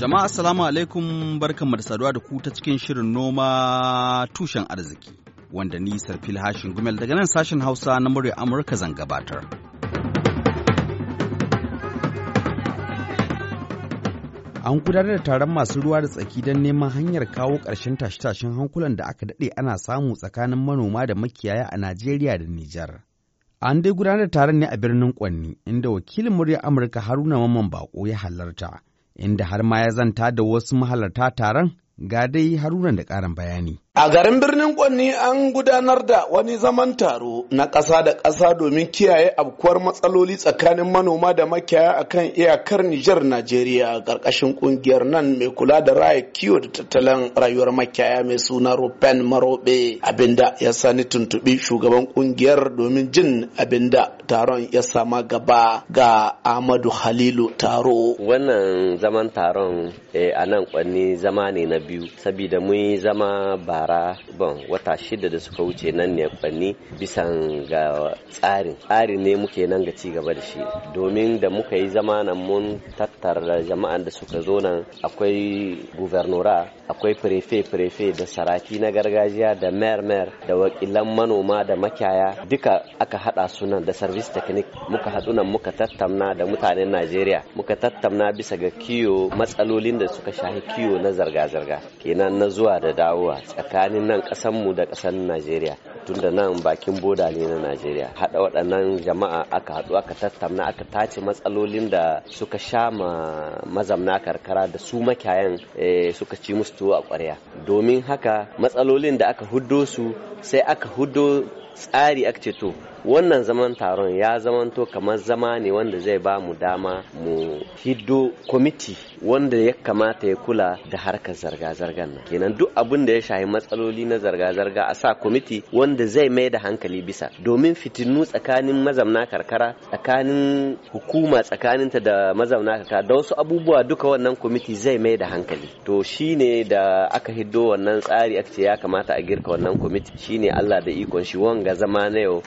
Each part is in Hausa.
Jama'a assalamu alaikum barkanmu da saduwa da ku ta cikin shirin noma tushen arziki wanda ni Sarfil Hashin Gumel daga nan sashen Hausa na murya Amurka zan gabatar. An gudanar da taron masu ruwa da tsaki don neman hanyar kawo ƙarshen tashe-tashen hankulan da aka daɗe ana samu tsakanin manoma da makiyaya a Najeriya da Nijar. An dai gudanar da taron ne a birnin Kwanni, inda wakilin murya Amurka Haruna Maman Bako ya halarta. inda har ma ya zanta da wasu mahalarta taron ga dai haruran da karin bayani. A garin birnin Kwanni an gudanar da wani zaman taro na ƙasa da ƙasa domin kiyaye abkuwar matsaloli tsakanin manoma da makiyaya akan iyakar Nijar Najeriya ƙarƙashin ƙungiyar nan mai kula da raya kiwo da tattalin rayuwar makiyaya mai suna Rupen Marobe abinda ya sani tuntuɓi shugaban ƙungiyar domin jin abinda taron ya sama gaba ga Ahmadu Halilu Taro. Wannan zaman taron eh, a nan Kwanni zama ne na biyu saboda mun zama bara bon wata shida da suka wuce nan ne kwanni bisan ga tsarin tsari ne muke nan ga ci gaba da shi domin da muka yi zama nan mun tattara jama'an da suka zo nan akwai guvernora akwai prefe prefe da saraki na gargajiya da mer mer da wakilan manoma da makiyaya duka aka hada su nan da service technique muka hadu nan muka tattauna da mutanen Najeriya muka tattauna bisa ga kiyo matsalolin da suka shahi kiyo na zarga-zarga shekara kenan na zuwa da dawowa tsakanin nan mu da ƙasar najeriya da nan bakin boda ne na najeriya haɗa waɗannan jama'a aka haɗu aka tattauna aka tace matsalolin da suka sha ma mazamna karkara da su makiyayan eh, suka ci musu tuwo a ƙwarya domin haka matsalolin da aka huddo su sai aka huddo tsari aka ce to wannan zaman taron ya zamanto kamar zama ne wanda zai ba mu dama mu hiddo kwamiti wanda ya kamata ya kula da harkar zarga-zargar nan kenan duk abin da ya shahi matsaloli na zarga-zarga a sa kwamiti wanda zai mai da hankali bisa domin fitinu tsakanin mazamna karkara tsakanin hukuma tsakaninta da mazamna karkara da wasu abubuwa duka wannan kwamiti zai mai da hankali to shine da aka hiddo wannan tsari aka ya kamata a girka wannan kwamiti shine Allah da ikon shi wanga zama na yau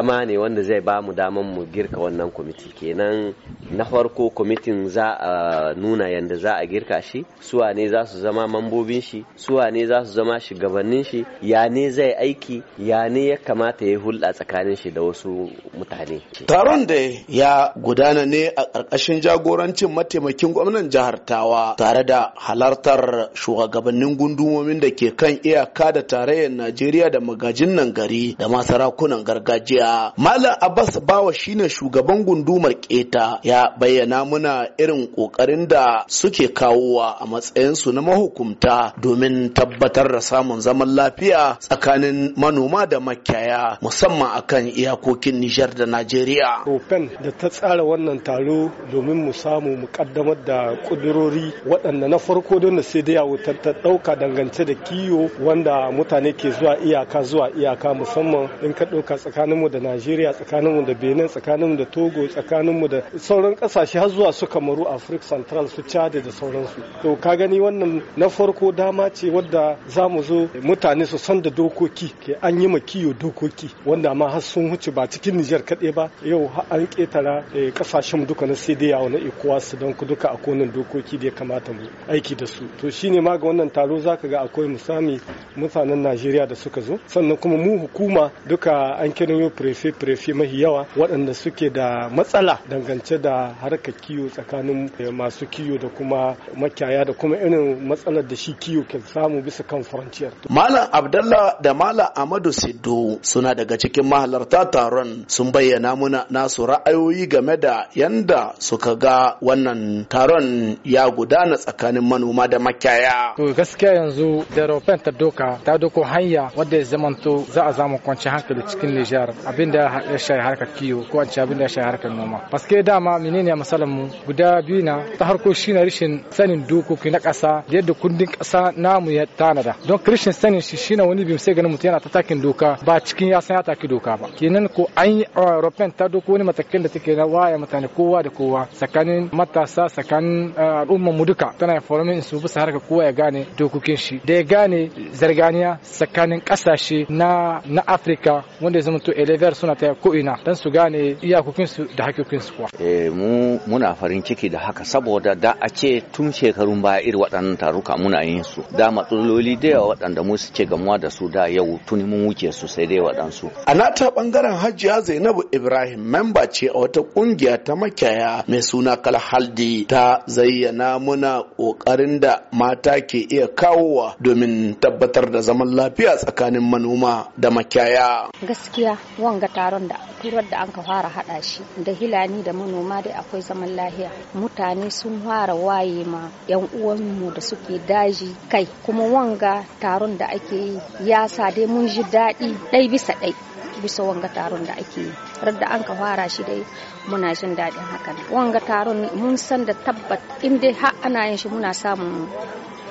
zama ne wanda zai ba mu daman mu girka wannan kwamiti kenan na farko kwamitin za a nuna yadda za a girka shi suwa ne za su zama mambobin shi suwa ne za su zama shugabannin shi ya ne zai aiki ya ne ya kamata ya hulɗa tsakanin shi da wasu mutane taron da ya gudana ne a ƙarƙashin jagorancin mataimakin gwamnan jihar tawa tare da halartar shugabannin gundumomin da ke kan iyaka da tarayyar najeriya da magajin nan gari da ma sarakunan gargajiya malam abbas bawa shine shugaban gundumar keta ya bayyana muna irin ƙoƙarin da suke kawowa a matsayinsu na mahukumta domin tabbatar da samun zaman lafiya tsakanin manoma da makiyaya musamman akan iyakokin nijar da najeriya ropen da ta tsara wannan taro domin mu samu mu kaddamar da kudurori waɗanda na farko don da sai ta ɗauka dangance da kiyo wanda mutane ke zuwa iyaka zuwa iyaka musamman in ka ɗauka tsakaninmu da Najeriya tsakaninmu da Benin tsakaninmu da Togo tsakanin tsakaninmu da sauran kasashe har zuwa su Kamaru Africa Central su Chad da sauransu to ka gani wannan na farko dama ce wadda za mu zo mutane su san da dokoki ke an yi kiyo dokoki wanda ma har sun huce ba cikin Nijar kaɗai ba yau an ƙetara kasashen eh, duka na sai dai na su don ku duka a konin dokoki da ya kamata mu aiki da su to shine ma ga wannan taro zaka ga akwai musami mutanen Najeriya da suka zo sannan kuma mu hukuma duka an kiran firfe-firfe mahi yawa waɗanda suke da matsala dangance da harkar kiwo tsakanin masu kiwo da kuma makiyaya da kuma irin matsalar da shi kiwo ke samu bisa kan faranciyar. Malam Abdallah da Malam Amadu Sido suna daga cikin mahalarta taron sun bayyana muna nasu ra'ayoyi game da yanda suka ga wannan taron ya gudana tsakanin manoma da makiyaya. To gaskiya yanzu da ta doka ta doko hanya wadda ya zamanto za a zamu kwanci hankali cikin Nijar abin da ya shafi harkar kiwo ko a abin da ya shafi harkar noma paske dama menene masalan mu guda biyu na ta harko shine rashin sanin dokoki na ƙasa yadda kundin ƙasa namu ya tanada don rashin sanin shi shi na wani bi sai ganin mutum yana ta takin doka ba cikin ya san ya taki doka ba kenan ko an yi uh, european ta doko wani matakin da take na waya mutane kowa da kowa tsakanin matasa tsakanin uh, al'umma mu duka tana in su bisa harkar kowa ya gane dokokin shi da ya gane zarganiya tsakanin ƙasashe na na afirka wanda ya zama to Nijar suna ta ko'ina don su gane iyakokinsu da hakokinsu kuwa. Eh mu muna farin ciki da haka saboda da a ce tun shekarun baya iri waɗannan taruka muna yin su da matsaloli da yawa waɗanda mu suke gamuwa da su da yau tuni mun wuce su sai dai waɗansu. A nata ɓangaren Hajiya Zainabu Ibrahim memba ce a wata ƙungiya ta makiyaya mai suna Kalhaldi ta zayyana muna ƙoƙarin da mata ke iya kawowa domin tabbatar da zaman lafiya tsakanin manoma da makiyaya. Gaskiya ga taron da turar da an ka fara hada shi da hilani da manoma dai akwai zaman lahiya mutane sun fara waye ma yan uwanmu da suke daji kai kuma wanga taron da ake yi ya sa dai mun ji daɗi ɗai bisa ɗai bisa wanga taron da ake yi radda an ka fara shi dai muna jin daɗin haka wanga taron mun san da tabbat in dai har ana yin shi muna samun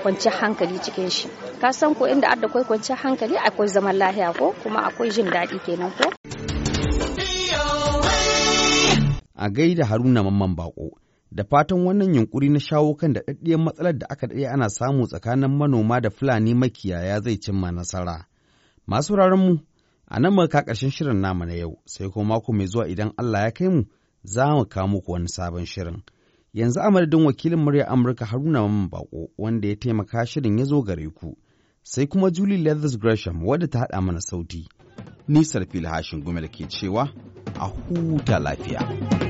kwanci hankali cikin shi ka san ko inda adda kwai kwanci hankali akwai zaman lahiya ko kuma akwai jin daɗi kenan ko a gaida Haruna Mamman Bako. Da fatan wannan yunkuri na shawo kan da daɗaɗɗiyar matsalar da aka daɗe ana samu tsakanin manoma da Fulani makiyaya zai cimma nasara. Masu mu a nan muka ƙarshen shirin namu na yau, sai kuma mako mai zuwa idan Allah ya kai mu za mu kawo muku wani sabon shirin. Yanzu a madadin wakilin murya Amurka Haruna Mamman Bako wanda ya taimaka shirin ya zo gare ku. Sai kuma Julie Leathers Gresham wadda ta haɗa mana sauti. Nisar Filhashin Gumel ke cewa a huta lafiya.